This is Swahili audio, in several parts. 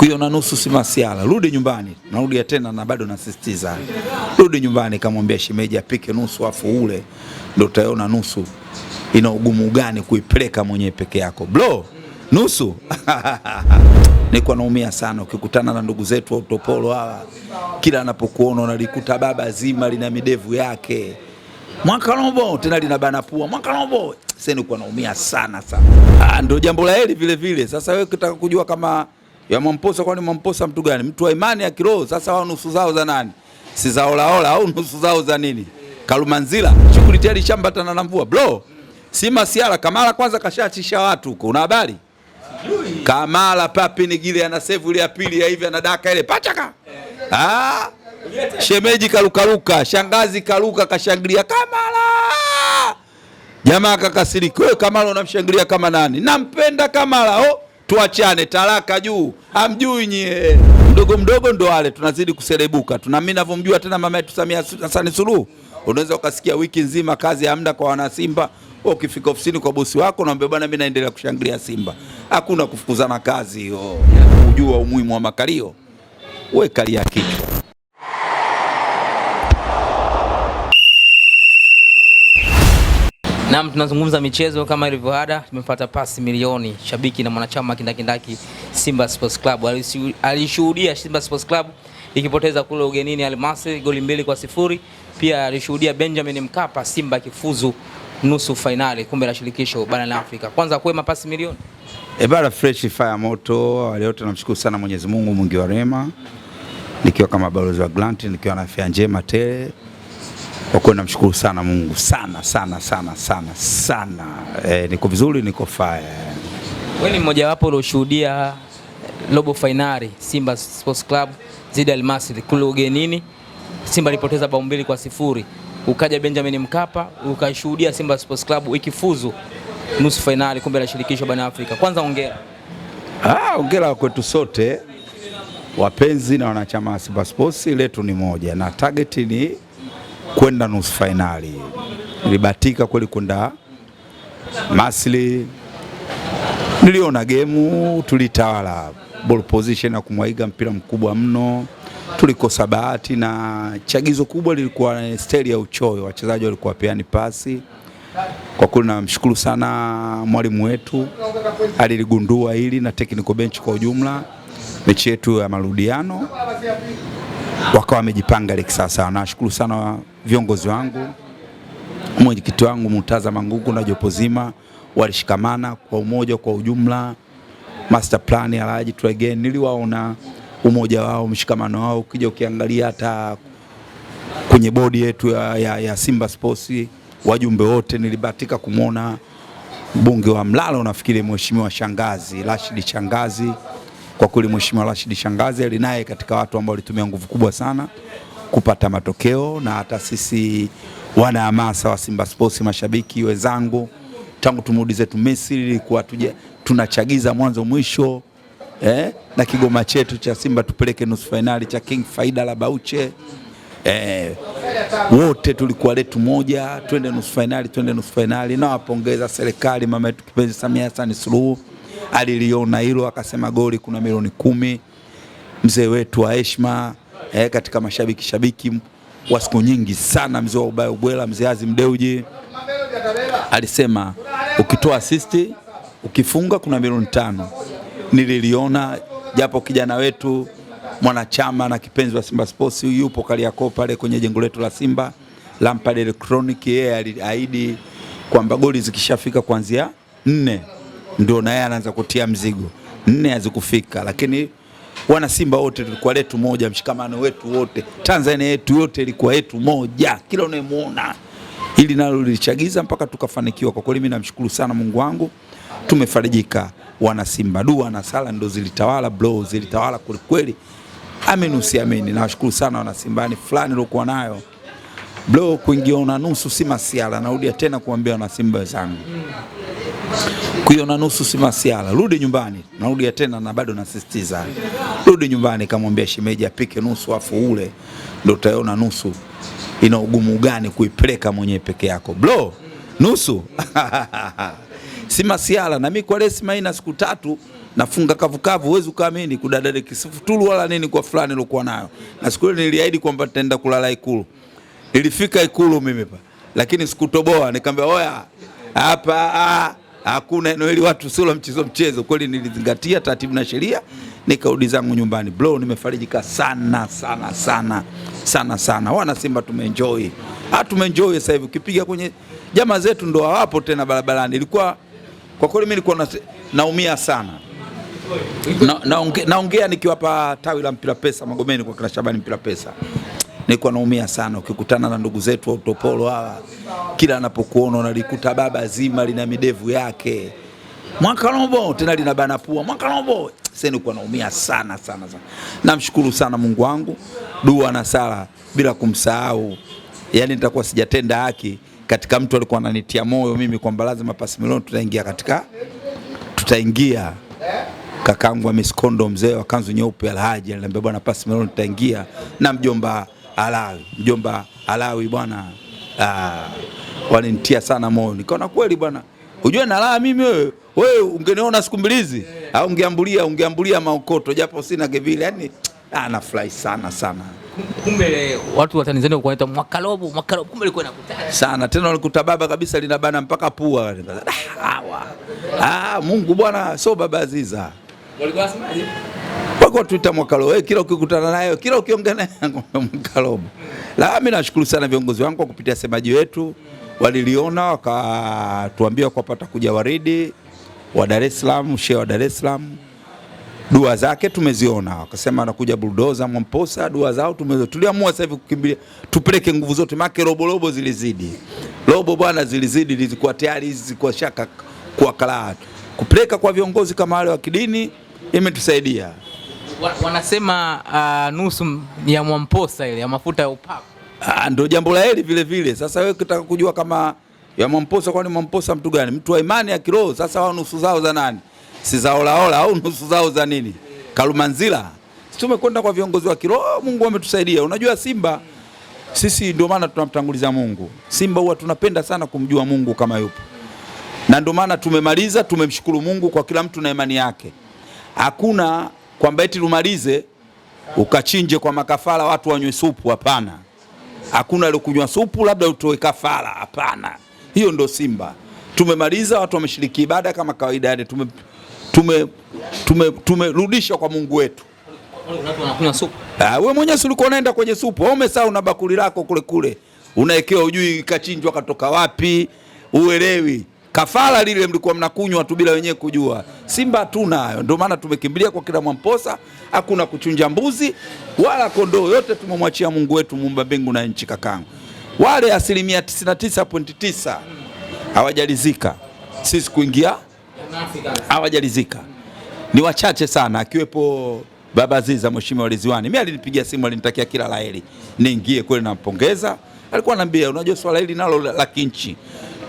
Kwa hiyo na nusu si masiala, rudi nyumbani. Narudi tena na bado nasisitiza, rudi nyumbani, kamwambia shemeji apike nusu afu ule, ndio utaona nusu ina ugumu gani kuipeleka mwenyewe peke yako bro, nusu nilikuwa naumia sana. Ukikutana na ndugu zetu wa utopolo hawa, kila anapokuona unalikuta baba zima lina midevu yake mwaka robo tena lina bana pua mwaka robo. Sasa nilikuwa naumia sana sana. Ah, ndio jambo la heri vile vile. Sasa wewe ukitaka kujua kama ya Mwamposa. Kwani Mwamposa mtu gani? Mtu wa imani ya kiroho. Sasa wao nusu zao za nani? Si za olaola au nusu zao za nini? Kalumanzila shughuli tayari, shamba tana na mvua bro. Si masiara Kamala kwanza kashatisha watu huko, una habari? Kamala papi ni gile ana save ile ya pili ya hivi anadaka ile pataka. Ah, shemeji kalukaruka, shangazi kaluka, kashangilia Kamala. Jamaa kakasirika, wewe Kamala unamshangilia kama nani? Nampenda Kamala oh tuachane, talaka juu, hamjui nyie, mdogo mdogo ndo wale tunazidi kuserebuka. Tuna mimi navyomjua tena mama yetu Samia Hassan Suluhu, unaweza ukasikia wiki nzima kazi hamna kwa wanasimba. Wewe ukifika ofisini kwa bosi wako naambia bwana, mimi naendelea kushangilia Simba, hakuna kufukuzana kazi hiyo. Kujua umuhimu wa makalio, we kalia kichwa. Naam, tunazungumza michezo kama ilivyo ada, tumepata pasi milioni. Shabiki na mwanachama kindakindaki Simba Sports Club alishuhudia Simba Sports Club ikipoteza kule ugenini Almasi goli mbili kwa sifuri. Pia alishuhudia Benjamin Mkapa Simba akifuzu nusu fainali kombe la shirikisho barani Afrika. Kwanza kwema pasi milioni e bara fresh fire moto wale wote, namshukuru sana Mwenyezi Mungu mwingi wa rehema, nikiwa kama balozi wa Grant, nikiwa na afya njema tele kwa kweli namshukuru sana Mungu sana sana sana sana sana. E, niko vizuri, niko fire. Wewe ni mmojawapo ulioshuhudia robo fainari Simba Sports Club zidi Almasry kule ugenini, Simba ilipoteza bao mbili kwa sifuri, ukaja Benjamin Mkapa ukashuhudia Simba Sports Club ikifuzu nusu fainali kombe la shirikisho barani Afrika. Kwanza ongera. Ah, ongera kwetu sote wapenzi na wanachama wa Simba Sports, letu ni moja na target ni kwenda nusu fainali. Nilibahatika kweli kwenda Masli, niliona gemu, tulitawala ball position na kumwaiga mpira mkubwa mno, tulikosa bahati na chagizo kubwa lilikuwa steli ya uchoyo, wachezaji walikuwa peani pasi. Kwa kweli namshukuru sana mwalimu wetu aliligundua hili na technical bench kwa ujumla, mechi yetu ya marudiano wakawa wamejipanga ile kisasa. Nashukuru sana viongozi wangu, mwenyekiti wangu Murtaza Mangungu na jopo zima walishikamana kwa umoja kwa ujumla. Master plan ya Alhaji Again, niliwaona umoja wao, mshikamano wao. Ukija ukiangalia hata kwenye bodi yetu ya, ya, ya Simba Sports wajumbe wote nilibahatika kumwona mbunge wa Mlalo, nafikiri mheshimiwa Shangazi Rashid Shangazi. Kwa kweli mheshimiwa Rashid Shangazi alinaye katika watu ambao walitumia nguvu kubwa sana kupata matokeo, na hata sisi wanahamasa wa Simba Sports, mashabiki wenzangu, tangu tumrudi zetu Misri ilikuwa tunachagiza mwanzo mwisho eh, na kigoma chetu cha Simba tupeleke nusu fainali cha King Faida la Bauche eh, wote tulikuwa letu moja, twende nusu fainali, twende nusu fainali. Nawapongeza serikali, mama yetu kipenzi Samia Hassan Suluhu aliliona hilo akasema goli kuna milioni kumi, mzee wetu wa heshima eh, katika mashabiki shabiki wa siku nyingi sana, mzee wa ubaya ubwela, mzee Azim Deuji alisema ukitoa asisti ukifunga kuna milioni tano. Nililiona japo kijana wetu mwanachama na kipenzi wa Simba Sports yupo Kariakoo pale kwenye jengo letu la Simba Lampard Electronic, yeye aliahidi kwamba goli zikishafika kuanzia nne ndio naye anaanza kutia mzigo. Nne hazikufika, lakini Wana Simba wote tulikuwa letu moja, mshikamano wetu wote, Tanzania yetu yote ilikuwa yetu moja, kila unayemwona hili nalo lilichagiza mpaka tukafanikiwa. Kwa kweli mimi namshukuru sana Mungu wangu, tumefarijika wana Simba. Dua na sala ndo zilitawala bro, zilitawala kweli, amini usiamini. Nawashukuru sana wana Simba, ni yaani fulani niliokuwa nayo bro, kuingia una nusu si masiala. Narudia tena kuambia wana Simba wenzangu kwa hiyo na nusu si masiala, rudi nyumbani. Narudia tena na bado nasisitiza, rudi nyumbani, kamwambia shemeji apike nusu afu ule, ndio utaona nusu ina ugumu gani kuipeleka mwenyewe peke yako bro, nusu si masiala. Na mimi kwa lesi maina siku tatu nafunga kavukavu, huwezi ukaamini, kudadale kisifutulu wala nini kwa fulani nilikuwa nayo, na siku ile niliahidi kwamba nitaenda kulala Ikulu. Nilifika Ikulu mimi pa, lakini sikutoboa, nikamwambia oya hapa ah hakuna eneo hili watu sio mchezo mchezo. Kweli nilizingatia taratibu na sheria, nikarudi zangu nyumbani. Bro, nimefarijika sana sana sana sana sana. Wana Simba tumeenjoy, ah, tumeenjoy. Sasa hivi ukipiga kwenye jamaa zetu ndo hawapo tena barabarani. Ilikuwa kwa kweli mimi nilikuwa naumia sana, naongea na, naongea nikiwapa tawi la mpira pesa Magomeni kwa kina Shabani mpira pesa nilikuwa naumia sana ukikutana na ndugu zetu wa utopolo hawa, kila anapokuona unalikuta baba zima lina midevu yake mwaka mwakalobo tena lina bana pua mwakalobo. Sasa nilikuwa naumia sana sana sana. Namshukuru sana Mungu wangu, dua na sala bila kumsahau, yani nitakuwa sijatenda haki katika mtu alikuwa ananitia moyo mimi kwamba lazima pasi milioni tutaingia katika tutaingia kakangu wa Miskondo mzee wa kanzu nyeupe Alhaji aliniambia bwana, pasi milioni tutaingia na mjomba Alawi, mjomba Alawi bwana ah, walinitia sana moyo, nikaona kweli bwana, ujue na mimi. Wewe wewe ungeniona siku mbili hizi au ungeambulia ungeambulia maokoto japo sina gevile, yani ah, nafurahi sana sana. Kumbe watu wa Tanzania wanaita mwakalobo mwakalobo, kumbe walikuwa inakutana sana tena, walikuta baba kabisa linabana mpaka pua. Ah, ah Mungu bwana, sio baba Aziza. Walikuwa wasemaje? Tulikuwa tuita Mwakalobo, hey, kila ukikutana nayo, kila ukiongea naye Mwakalobo. La, mimi nashukuru sana viongozi wangu kwa kupitia semaji wetu waliliona wakatuambia kwa pata kuja waridi wa Dar es Salaam, shehe wa Dar es Salaam. Dua zake tumeziona, wakasema anakuja buldoza Mwamposa, dua zao tumezo. Tuliamua sasa hivi kukimbilia tupeleke nguvu zote, maana robo robo zilizidi, robo bwana zilizidi, zilikuwa tayari hizi, zilikuwa shaka kwa kalaa kupeleka kwa viongozi kama wale wa kidini imetusaidia wanasema uh, nusu ya Mwamposa ile ya mafuta ya upako ah, ndio jambo la heri vile vile. Sasa wewe ukitaka kujua kama ya Mwamposa, kwani Mwamposa mtu gani? Mtu wa imani ya kiroho. Sasa wao nusu zao za nani? Si za olaola au nusu zao za nini? Kalumanzila. Tumekwenda kwa viongozi wa kiroho, Mungu ametusaidia. Unajua Simba sisi ndio maana tunamtanguliza Mungu. Simba huwa tunapenda sana kumjua Mungu kama yupo, na ndio maana tumemaliza, tumemshukuru Mungu kwa kila mtu na imani yake. Hakuna kwamba eti lumalize ukachinje kwa makafara watu wanywe supu. Hapana, hakuna aliyokunywa supu labda utoe kafara. Hapana, hiyo ndo Simba. Tumemaliza, watu wameshiriki ibada kama kawaida, yani tume tume, tume, tume kwa Mungu wetu. Ah, wewe mwenyewe ulikuwa unaenda kwenye supu au una bakuli lako kule kule unaekewa, ujui ikachinjwa katoka wapi, uelewi Kafara lile mlikuwa mnakunywa tu bila wenyewe kujua. Simba hatuna hayo, ndio maana tumekimbilia kwa kila Mwamposa. Hakuna kuchunja mbuzi wala kondoo, yote tumemwachia Mungu wetu muumba mbingu na nchi. Kakangu, wale asilimia 99.9 hawajalizika, sisi kuingia hawajalizika, ni wachache sana, akiwepo Baba Ziza, Mheshimiwa Ridhiwani. Mimi alinipigia simu alinitakia kila laheri niingie kweli, nampongeza alikuwa anambia, unajua swala hili nalo la kinchi,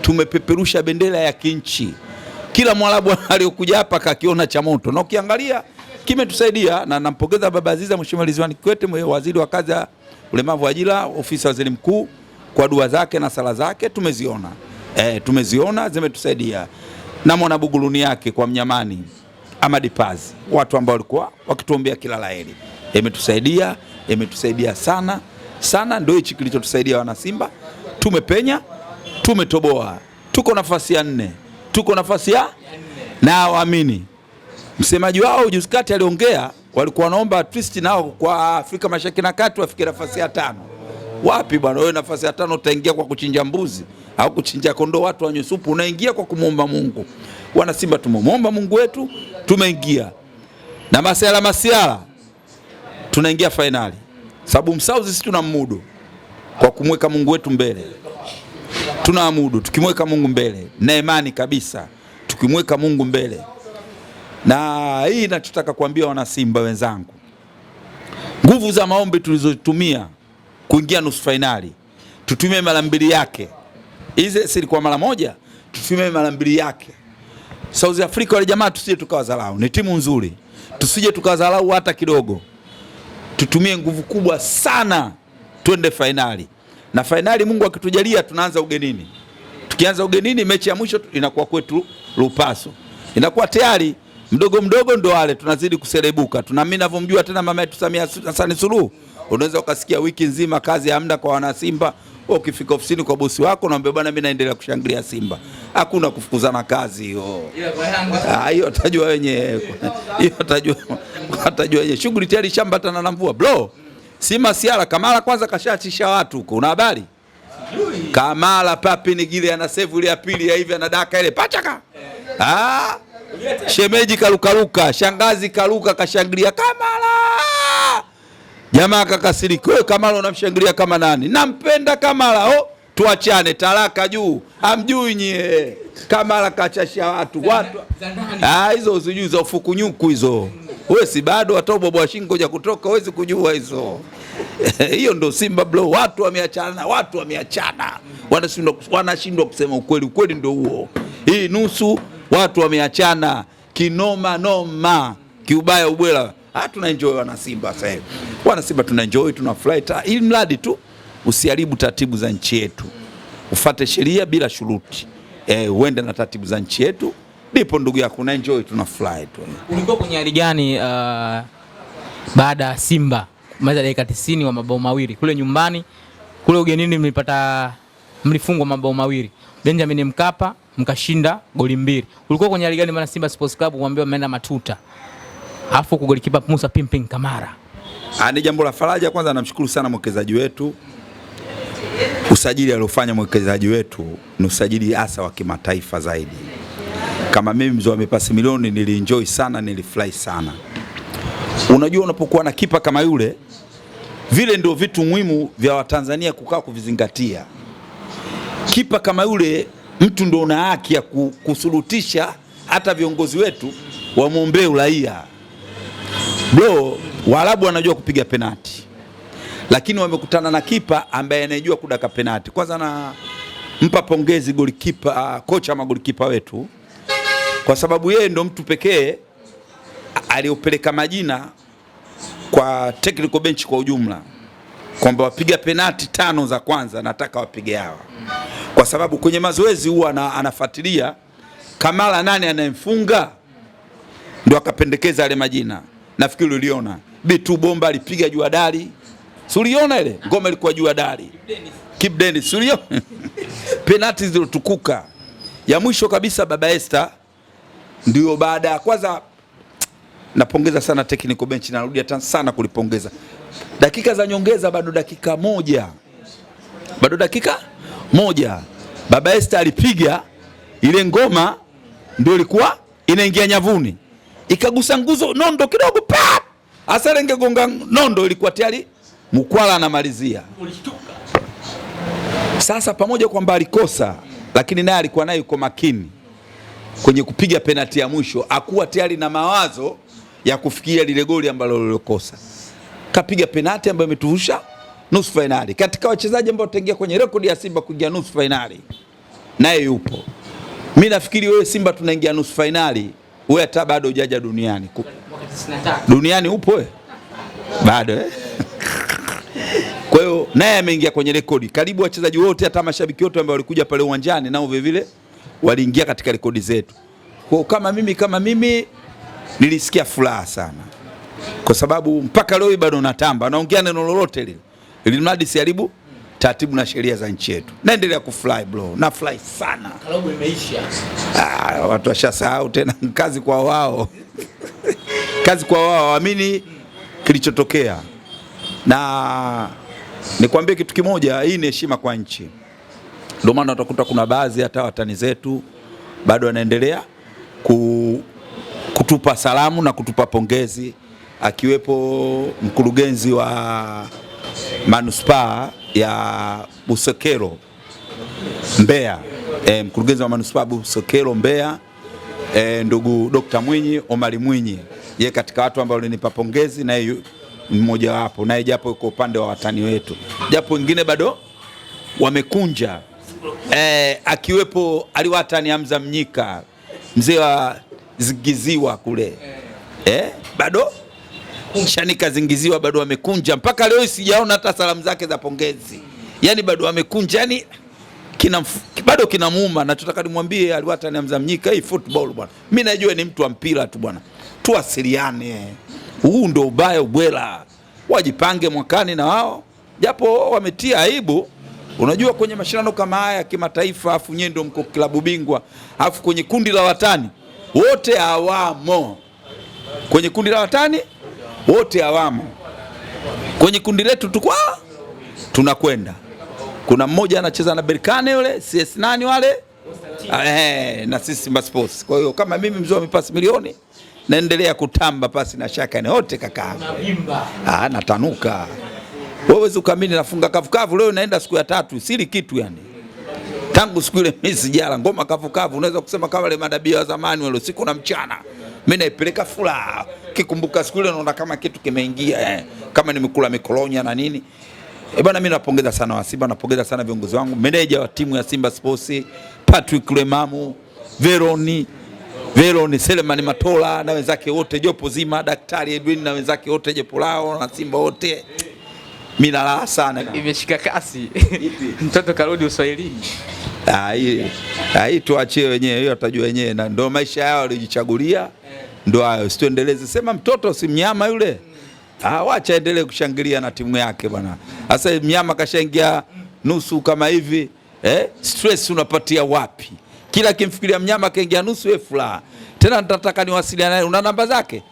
tumepeperusha bendera ya kinchi, kila mwarabu aliyokuja hapa kakiona cha moto, na ukiangalia kimetusaidia, na nampongeza baba Aziza, mheshimiwa Ridhiwani Kikwete, waziri wa kazi ulemavu, ajira, ofisi ya waziri mkuu, kwa dua zake na sala zake tumeziona, e, tumeziona zimetusaidia, na mwana buguluni yake kwa mnyamani Amadi Pazi, watu ambao walikuwa wakituombea kila laheri, imetusaidia imetusaidia sana sana, ndio hichi kilichotusaidia wanasimba. Tumepenya, tumetoboa, tuko nafasi ya nne, tuko nafasi ya na waamini. Msemaji wao juzi kati aliongea, walikuwa wanaomba at least nao kwa Afrika Mashariki na Kati wafike nafasi ya tano. Wapi bwana wewe, nafasi ya tano utaingia kwa kuchinja mbuzi au kuchinja kondoo, watu wanywe supu? Unaingia kwa kumwomba Mungu. Simba tumemwomba Mungu wetu, tumeingia na masiala masiala, tunaingia fainali sababu msauzi sisi tunammudu kwa kumweka Mungu wetu mbele, tunamudu tukimweka Mungu mbele na imani kabisa, tukimweka Mungu mbele. Na hii nachotaka kuambia wanasimba wenzangu, nguvu za maombi tulizotumia kuingia nusu fainali tutumie mara mbili yake, hizi silikuwa mara moja, tutumie mara mbili yake. South Africa wale jamaa, tusije tukawadharau, ni timu nzuri, tusije tukawadharau hata kidogo tutumie nguvu kubwa sana twende fainali, na fainali Mungu akitujalia tunaanza ugenini. Tukianza ugenini, mechi ya mwisho inakuwa kwetu Lupaso, inakuwa tayari mdogo mdogo ndo wale tunazidi kuserebuka. Tuna mimi navyomjua tena mama yetu Samia Hassan Suluhu, unaweza ukasikia wiki nzima kazi ya kwa wanasimba wewe ukifika ofisini kwa bosi wako naambia bwana, mimi naendelea kushangilia Simba, hakuna kufukuzana kazi hiyo. Ah, hiyo atajua wenyewe, hiyo atajua, atajua wenyewe. Shughuli tayari shambatana na mvua bro. Sima siara Kamala kwanza kashatisha watu huko, una habari Kamala papi ni gile ana save ile ya pili ya hivi anadaka ile pachaka ah, shemeji karukaruka shangazi karuka kashangilia Kamala. Jamaa akakasirika, wewe Kamala unamshangilia kama nani? Nampenda Kamala oh. Tuachane, talaka juu, amjui nyie. Kamala kachasha watu watu ah, hizo sijui za ufukunyuku hizo, wewe si bado hata ubwabwa shingo ja kutoka, huwezi kujua hizo hiyo ndo Simba blow. Watu wameachana watu wameachana, wanashindwa wanashindwa kusema ukweli. Ukweli ndo huo, hii nusu watu wameachana kinoma noma, kiubaya ubwela ah, tuna enjoy wana Simba sasa hivi, wana Simba tuna enjoy, tuna fly, ili mradi tu usiharibu taratibu za nchi yetu, ufate sheria bila shuruti, eh, uende na taratibu za nchi yetu, ndipo ndugu yako na enjoy, tuna fly tu. Ulikuwa kwenye hali gani uh, baada ya Simba kumaliza dakika 90 wa mabao mawili kule nyumbani? Kule ugenini mlipata mlifungwa mabao mawili Benjamin Mkapa, mkashinda goli mbili. Ulikuwa kwenye hali gani? Maana Simba Sports Club kuambiwa mmeenda matuta. Alafu golikipa Musa Pimpin Kamara. Ah, ni jambo la faraja kwanza, namshukuru sana mwekezaji wetu. Usajili aliofanya mwekezaji wetu ni usajili hasa wa kimataifa zaidi. Kama mimi mzoa mipasi milioni nilienjoy sana, nilifurahi sana. Unajua, unapokuwa na kipa kama yule, vile ndio vitu muhimu vya Watanzania kukaa kuvizingatia. Kipa kama yule mtu ndio una haki ya kusurutisha hata viongozi wetu wamwombee uraia. Bro, Waarabu wanajua kupiga penati, lakini wamekutana na kipa ambaye anajua kudaka penati. Kwanza nampa pongezi golikipa, ah, kocha ama golikipa wetu, kwa sababu yeye ndo mtu pekee aliopeleka majina kwa technical bench kwa ujumla kwamba wapiga penati tano za kwanza nataka wapige hawa, kwa sababu kwenye mazoezi huwa anafuatilia kamala nani anayemfunga, ndo akapendekeza yale majina nafikiri uliona Bitu bomba alipiga juu dali, si uliona ile ngoma ilikuwa juu dali Kip Dennis, si uliona penalti zilizotukuka ya mwisho kabisa. Baba Esther ndio baada ya kwanza. Napongeza sana technical bench, narudia sana kulipongeza. Dakika za nyongeza, bado dakika moja, bado dakika moja, Baba Esther alipiga ile ngoma, ndio ilikuwa inaingia nyavuni ikagusa nguzo nondo kidogo pa asale, ingegonga nondo ilikuwa tayari mkwala anamalizia. Sasa pamoja kwamba alikosa, lakini naye alikuwa naye yuko makini kwenye kupiga penati ya mwisho, akuwa tayari na mawazo ya kufikia lile goli ambalo lilokosa. Kapiga penati ambayo imetuvusha nusu fainali. Katika wachezaji ambao tutaingia kwenye rekodi ya Simba kuingia nusu fainali, naye yupo. Mimi nafikiri wewe Simba tunaingia nusu fainali wewe hata bado hujaja duniani. Duniani upo wewe bado eh? Kwa hiyo naye ameingia kwenye rekodi. Karibu wachezaji wote hata mashabiki wote ambao walikuja pale uwanjani nao vile vile waliingia katika rekodi zetu. Kwa kama mimi kama mimi nilisikia furaha sana, kwa sababu mpaka leo bado natamba, naongea neno lolote lile, ili mradi siharibu taratibu na sheria za nchi yetu. Naendelea kufly bro, na fly sana. Kalamu imeisha. Ah, watu washasahau tena, kazi kwa wao kazi kwa wao, waamini kilichotokea. Na nikwambie kitu kimoja, hii ni heshima kwa nchi. Ndio maana utakuta kuna baadhi hata watani zetu bado wanaendelea ku, kutupa salamu na kutupa pongezi, akiwepo mkurugenzi wa manispaa ya Busokelo Mbeya, e, mkurugenzi wa manispaa Busokelo Mbeya e, ndugu Dr. Mwinyi Omari Mwinyi, ye katika watu ambao walinipa pongezi, naye mmoja wapo, naye japo yuko upande wa watani wetu, japo wengine bado wamekunja e, akiwepo aliwatani Hamza Mnyika, mzee wa zigiziwa kule e, bado shani kazingiziwa, bado amekunja. Mpaka leo sijaona hata salamu zake za pongezi, yani bado amekunja, yani kina bado kinamuuma, na tutaka nimwambie aliwata ni Hamza Mnyika, hii football bwana, mimi najua ni mtu wa mpira tu bwana, tuwasiliane. Huu ndio ubaya ubwela, wajipange mwakani na wao, japo wametia aibu Unajua, kwenye mashindano kama haya ya kimataifa, afu nyewe ndio mko klabu bingwa, afu kwenye kundi la watani wote hawamo kwenye kundi la watani wote hawamo kwenye kundi letu, tukwa ah, tunakwenda. Kuna mmoja anacheza na Berkane yule CS nani wale eh, na sisi Simba Sports. Kwa hiyo kama mimi mzoa mipasi milioni naendelea kutamba pasi na shaka ni wote kaka. Ah, natanuka wewe zukamini, nafunga kavukavu leo, naenda siku ya tatu, sili kitu yani tangu siku ile mimi sijala ngoma kavukavu. Unaweza kusema kama wale madabia wa zamani wale usiku na mchana mimi naipeleka fula kikumbuka siku ile naona kama kitu kimeingia eh, kama nimekula mikolonya na nini eh bana. Mimi napongeza sana wa Simba, napongeza sana viongozi wangu, meneja wa timu ya Simba Sports Patrick Lemamu, Veroni Veroni Selemani Matola na wenzake wote, jopo zima, daktari Edwin na wenzake wote, jopo lao na Simba wote mimi nalaa sana, imeshika kasi. Mtoto karudi Uswahilini hai tuachie wenyewe, hiyo atajua wenyewe, na ndo maisha yao walijichagulia, ndo hayo, situendeleze. Sema mtoto si mnyama yule, ah, wacha endelee kushangilia na timu yake bwana. Sasa mnyama kashaingia nusu kama hivi eh? Stress unapatia wapi? Kila kimfikiria mnyama kaingia nusu, wewe furaha tena. Nitataka niwasiliane, una namba zake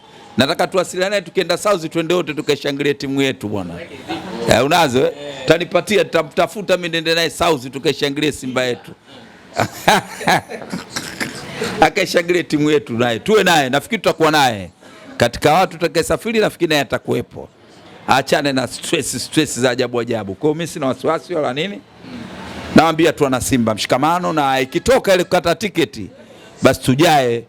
Nataka tuwasiliane, tukienda South twende wote tukashangilie timu yetu bwana. Eh, unazo eh? Tanipatia, tutamtafuta mimi niende naye South tukashangilie Simba yetu. Akashangilie timu yetu naye. Tuwe naye, nafikiri tutakuwa naye. Katika watu tutakayesafiri nafikiri naye atakuwepo. Achane na stress stress za ajabu ajabu. Kwa hiyo mimi sina wasiwasi wala nini. Naambia tu wana Simba mshikamano, na ikitoka ile kukata tiketi basi tujae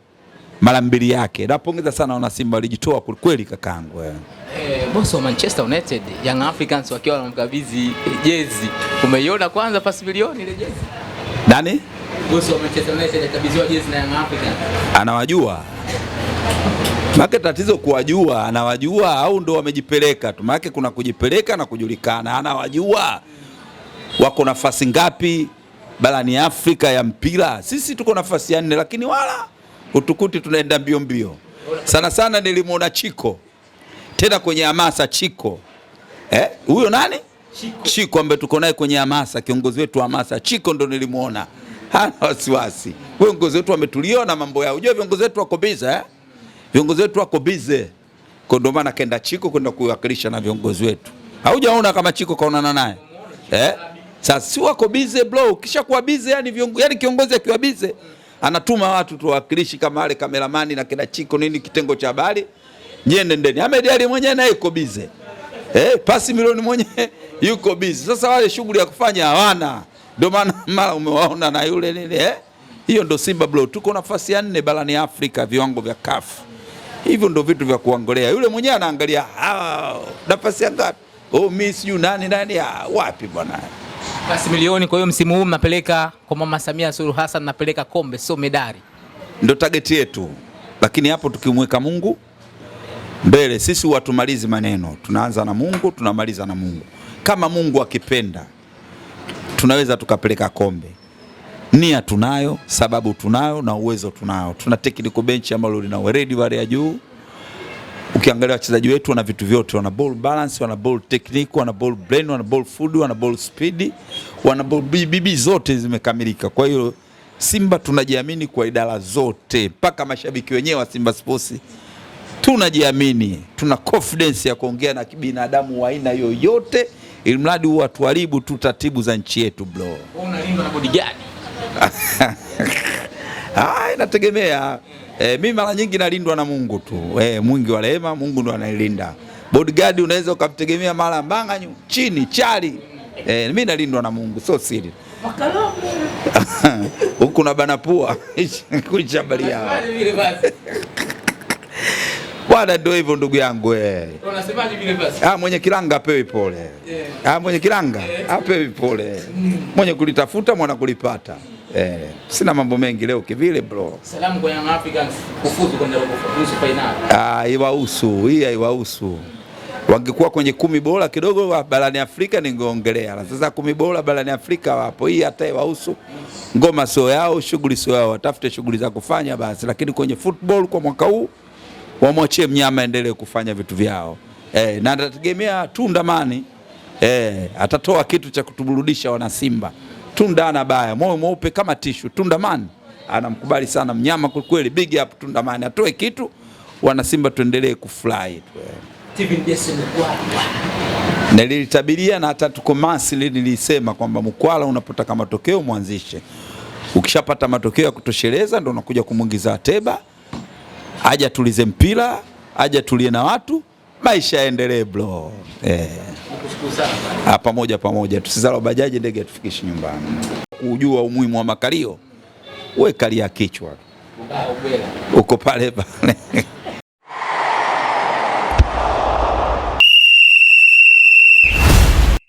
mara mbili yake. Napongeza sana wana Simba walijitoa kwelikweli kakangu. Eh. eh, boss wa Manchester United, Young Africans wakiwa wanamkabidhi eh, jezi. Umeiona kwanza pasi milioni ile jezi? Nani? Boss wa Manchester United akabidhiwa jezi na Young Africans. Anawajua. Maana tatizo kuwajua, anawajua au ndo wamejipeleka tu? Maana kuna kujipeleka na kujulikana. Anawajua wako nafasi ngapi barani Afrika ya mpira? Sisi tuko nafasi ya nne, lakini wala utukuti tunaenda mbio mbio sana sana. Nilimwona Chiko tena kwenye hamasa Chiko eh? huyo nani Chiko, Chiko ambaye tuko naye kwenye hamasa, kiongozi wetu wa hamasa Chiko ndo nilimwona hana wasiwasi. Viongozi wetu wametuliona mambo yao, unajua viongozi wetu wako busy eh? Viongozi wetu wako busy, kwa ndio maana kaenda Chiko kwenda kuwakilisha na viongozi wetu. Haujaona kama Chiko kaonana naye eh? Sasa si wako busy bro, ukishakuwa busy yani, yani kiongozi akiwa busy anatuma watu tuwakilishi kama wale kameramani na kina Chiko nini kitengo cha habari, nyie ndeni. Ahmed Ali mwenyewe naye yuko bize eh, pasi milioni mwenyewe yuko bize. Sasa wale shughuli ya kufanya hawana, ndio maana mara umewaona na yule nini eh? Hiyo ndo Simba bro, tuko nafasi ya nne barani Afrika viwango vya CAF. hivyo ndo vitu vya kuangalia. Yule mwenyewe anaangalia nafasi ya ngapi? Oh, mimi sijui nani nani, ah, wapi bwana. Kasi milioni. Kwa hiyo msimu huu mnapeleka kwa Mama Samia Suluhu Hassan, napeleka kombe, sio medali, ndio tageti yetu. Lakini hapo tukimweka Mungu mbele, sisi watumalizi maneno, tunaanza na Mungu, tunamaliza na Mungu. Kama Mungu akipenda, tunaweza tukapeleka kombe. Nia tunayo, sababu tunayo na uwezo tunayo. Tuna technical bench ambalo lina weredi wale ya juu ukiangalia wachezaji wetu wana vitu vyote, wana ball balance, wana ball technique, wana ball brain, wana ball food, wana ball speed, wana ball BBB zote zimekamilika. Kwa hiyo Simba tunajiamini kwa idara zote, mpaka mashabiki wenyewe wa Simba Sports tunajiamini, tuna confidence ya kuongea na kibinadamu wa aina yoyote, ili mradi huwa tuharibu tu taratibu za nchi yetu bro. Unalinda na bodyguard? Ah, inategemea E, eh, mimi mara nyingi nalindwa na Mungu tu e, mwingi wa rehema, Mungu ndo anailinda. Bodyguard unaweza ukamtegemea mara mbanganyu chini chali e, eh, mimi nalindwa na Mungu, sio siri huku na bana pua kuishambalia Bwana ndio hivyo ndugu yangu eh. Unasemaje vile basi? Ah, mwenye kilanga apewi pole. Ah, mwenye kilanga apewi pole. Mwenye kulitafuta mwana kulipata. Eh, sina mambo mengi leo kivile bro. Salamu kwa Young Africans kufuzu kwenye robo final. Ah, haiwahusu, hii haiwahusu. Wangekuwa kwenye kumi bora kidogo barani Afrika ningeongelea. Sasa kumi bora barani Afrika wapo. Hii hata haiwahusu. Ngoma sio yao, shughuli sio yao, watafute shughuli za kufanya basi, lakini kwenye football kwa mwaka huu wamwachie mnyama endelee kufanya vitu vyao. Eh, na atategemea tu ndamani. Eh, atatoa kitu cha kutuburudisha wana Simba. Tunda ana baya, moyo mweupe kama tishu. man anamkubali sana mnyama kweli, big up man, atoe kitu. Wanasimba tuendelee kufurahi. Eh. Nilitabiria na hata tukomasi nilisema kwamba mkwala unapotaka matokeo mwanzishe, ukishapata matokeo ya kutosheleza ndo unakuja kumwingiza Ateba aje tulize mpira aje tulie na watu, maisha yaendelee bro eh. Ah, pamoja pamoja, tusizalo bajaji ndege atufikishi nyumbani. Ujua umuhimu wa makalio, we kalia kichwa, uko pale pale